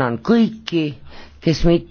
tänan kõiki, kes meid